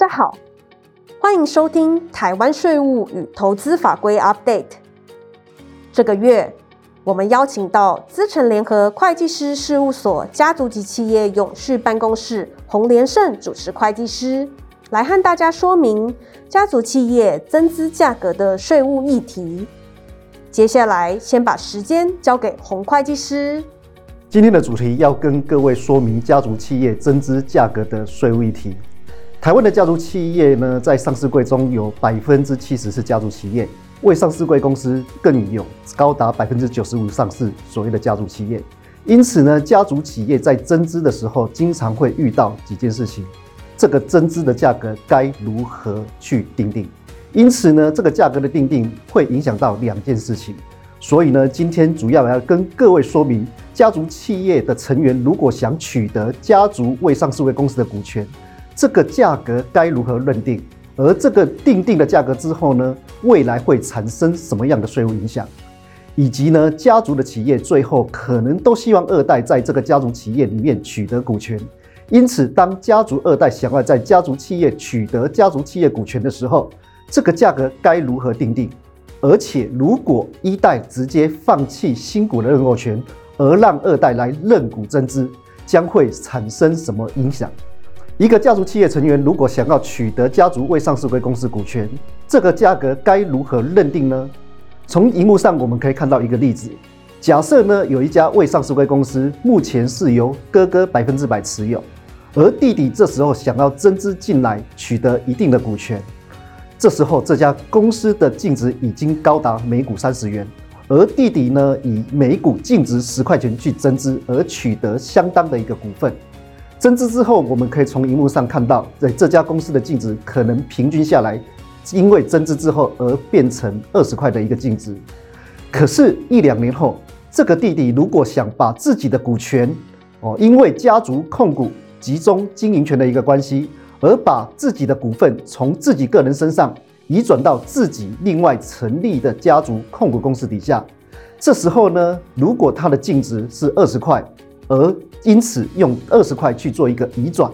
大家好，歡迎收聽台灣稅務與投資法規 Update。這個月，我們邀請到資誠聯合會計師事務所家族及企業永續辦公室洪連勝主持會計師，來和大家說明家族企業增資價格的稅務議題。接下來，先把時間交給洪會計師。今天的主題要跟各位說明家族企業增資價格的稅務議題。台灣的家族企業呢，在上市櫃中有百分之七十是家族企業，未上市櫃公司更有高達百分之九十五上市所謂的家族企業。因此呢，家族企業在增資的時候，經常會遇到幾件事情：這個增資的價格該如何去訂定？因此呢，這個價格的訂定會影響到兩件事情。所以呢，今天主要要跟各位說明，家族企業的成員如果想取得家族未上市櫃公司的股權，這個價格該如何認定？而這個訂定的價格之後呢，未來會產生什麼樣的稅務影響？以及呢，家族的企業最後可能都希望二代在這個家族企業裡面取得股權。因此，當家族二代想要在家族企業取得家族企業股權的時候，這個價格該如何訂定？而且，如果一代直接放棄新股的認購權，而讓二代來認股增資，將會產生什麼影響？一個家族企業成員如果想要取得家族未上市櫃公司股權，這個價格該如何認定呢？從熒幕上我們可以看到一個例子：假設呢有一家未上市櫃公司，目前是由哥哥百分之百持有，而弟弟這時候想要增資進來取得一定的股權。這時候這家公司的淨值已經高達每股三十元，而弟弟呢以每股淨值十塊錢去增資，而取得相當的一個股份。增資之後，我們可以從螢幕上看到，在這家公司的淨值可能平均下來，因為增資之後而變成二十塊的一個淨值。可是，一兩年後，這個弟弟如果想把自己的股權，哦，因為家族控股、集中經營權的一個關係，而把自己的股份從自己個人身上移轉到自己另外成立的家族控股公司底下，這時候呢，如果他的淨值是二十塊。而因此用二十塊去做一個移轉，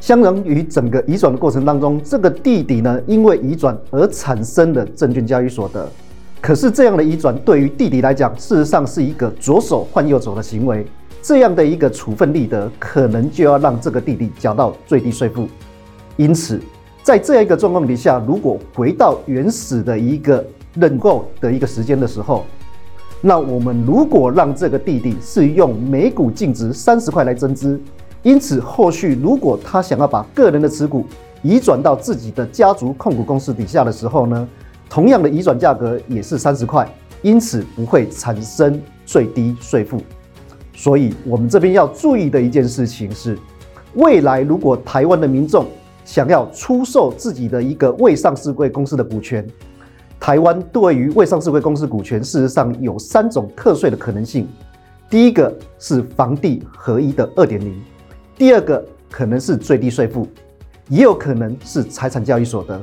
相當於整個移轉的過程當中，這個弟弟呢，因為移轉而產生的證券交易所得，可是這樣的移轉對於弟弟來講，事實上是一個左手換右手的行為，這樣的一個處分利得，可能就要讓這個弟弟繳到最低稅負。因此，在這樣一個狀況底下，如果回到原始的一個認購的一個時間的時候，那我們如果讓這個弟弟是用每股淨值三十塊來增資，因此，後續如果他想要把個人的持股移轉到自己的家族控股公司底下的時候呢，同樣的移轉價格也是三十塊，因此不會產生最低稅負。所以，我們這邊要注意的一件事情是，未來如果台灣的民眾想要出售自己的一個未上市櫃公司的股權。台灣對於未上市櫃公司股權，事實上有三種課稅的可能性。第一個是房地合一的二點零，第二個可能是最低稅負，也有可能是財產交易所得。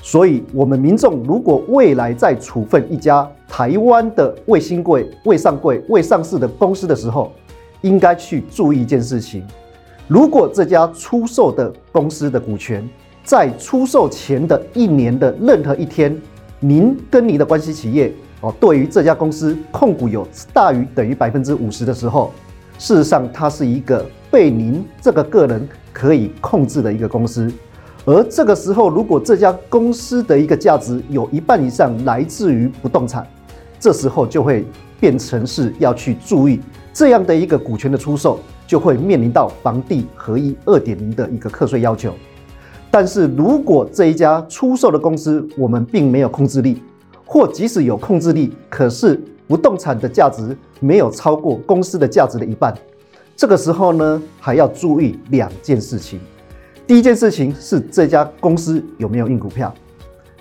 所以，我們民眾如果未來在處分一家台灣的未興櫃、未上櫃、未上市的公司的時候，應該去注意一件事情：如果這家出售的公司的股權在出售前的一年的任何一天，您跟您的關係企業哦，對於這家公司控股有大於等於百分之五十的時候，事實上它是一個被您這個個人可以控制的一個公司，而這個時候如果這家公司的一個價值有一半以上來自於不動產，這時候就會變成是要去注意這樣的一個股權的出售，就會面臨到房地合一二點零的一個課稅要求。但是如果這一家出售的公司我們並沒有控制力，或即使有控制力，可是不動產的價值沒有超過公司的價值的一半，這個時候呢，還要注意兩件事情。第一件事情是這家公司有沒有印股票，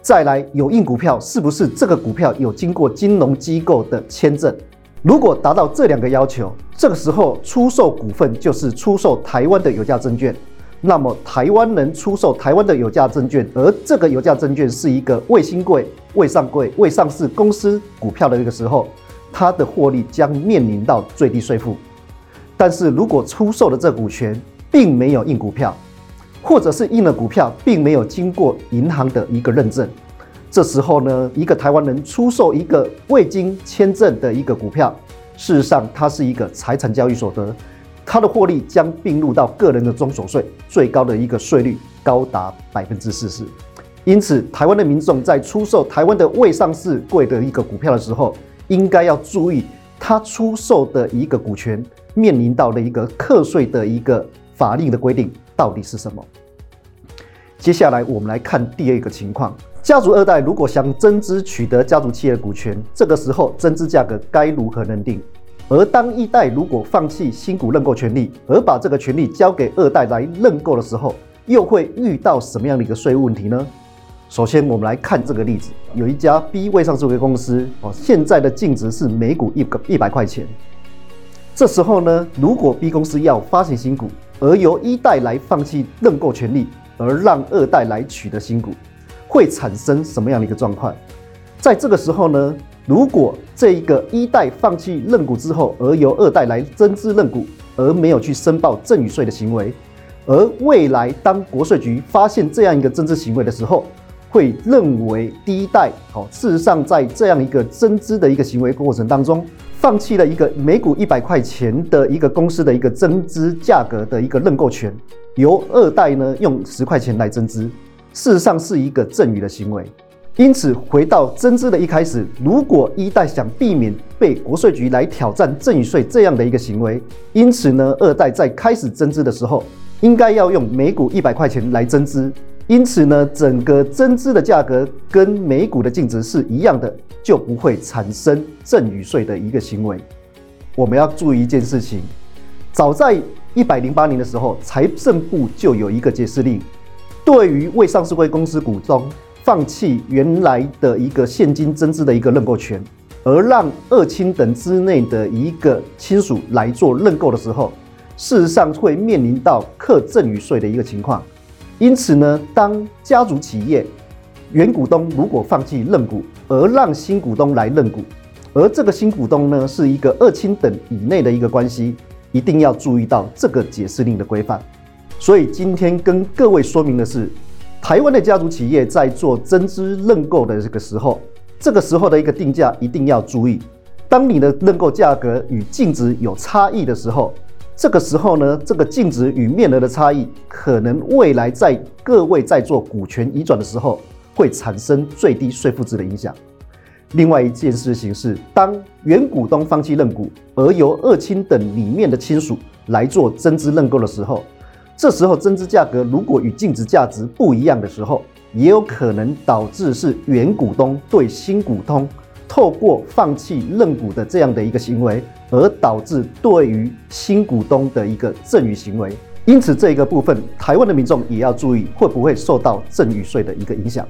再來有印股票是不是這個股票有經過金融機構的簽證？如果達到這兩個要求，這個時候出售股份就是出售台灣的有價證券。那麼，台灣人出售台灣的有價證券，而這個有價證券是一個未興櫃、未上櫃、未上市公司股票的一個時候，它的獲利將面臨到最低稅負。但是如果出售的這股權並沒有印股票，或者是印了股票並沒有經過銀行的一個認證，這時候呢，一個台灣人出售一個未經簽證的一個股票，事實上它是一個財產交易所得。它的獲利將併入到個人的綜所稅，最高的一個稅率高達百分之四十。因此，台灣的民眾在出售台灣的未上市櫃的一個股票的時候，應該要注意，他出售的一個股權面臨到的一個課稅的一個法令的規定到底是什麼。接下來，我們來看第二個情況：家族二代如果想增資取得家族企業的股權，這個時候增資價格該如何認定？而當一代如果放棄新股認購權利，而把這個權利交給二代來認購的時候，又會遇到什麼樣的一個稅務問題呢？首先，我們來看這個例子，有一家 B 未上市公司哦，現在的淨值是每股一個一百塊錢。這時候呢，如果 B 公司要發行新股，而由一代來放棄認購權利，而讓二代來取得新股，會產生什麼樣的一個狀況？在這個時候呢？如果這一個一代放棄認股之後，而由二代來增資認股，而沒有去申報贈與稅的行為，而未來當國稅局發現這樣一個增資行為的時候，會認為第一代，哦，事實上在這樣一個增資的一個行為過程當中，放棄了一個每股一百塊錢的一個公司的一個增資價格的一個認購權，由二代呢用十塊錢來增資，事實上是一個贈與的行為。因此，回到增資的一開始，如果一代想避免被國稅局來挑戰贈與稅這樣的一個行為，因此呢，二代在開始增資的時候，應該要用每股一百塊錢來增資。因此呢，整個增資的價格跟每股的淨值是一樣的，就不會產生贈與稅的一個行為。我們要注意一件事情，早在一百零八年的時候，財政部就有一個解釋令，對於未上市櫃公司股東。放棄原來的一個現金增資的一個認購權，而讓二親等之內的一個親屬來做認購的時候，事實上會面臨到課贈與稅的一個情況。因此呢，當家族企業原股東如果放棄認股，而讓新股東來認股，而這個新股東呢是一個二親等以內的一個關係，一定要注意到這個解釋令的規範。所以今天跟各位說明的是。台灣的家族企業在做增資認購的這個時候，這個時候的一個定價一定要注意。當你的認購價格與淨值有差異的時候，這個時候呢，這個淨值與面額的差異，可能未來在各位在做股權移轉的時候，會產生最低稅負值的影響。另外一件事情是，當原股東放棄認股，而由二親等裡面的親屬來做增資認購的時候。這時候增資價格如果與淨值價值不一樣的時候，也有可能導致是原股東對新股東，透過放棄認股的這樣的一個行為，而導致對於新股東的一個贈與行為。因此，這一個部分，台灣的民眾也要注意會不會受到贈與稅的一個影響。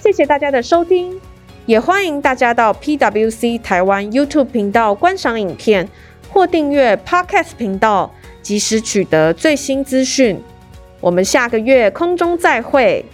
謝謝大家的收聽，也歡迎大家到 PWC 台灣 YouTube 頻道觀賞影片或訂閱 Podcast 頻道。及時取得最新資訊，我們下個月空中再會。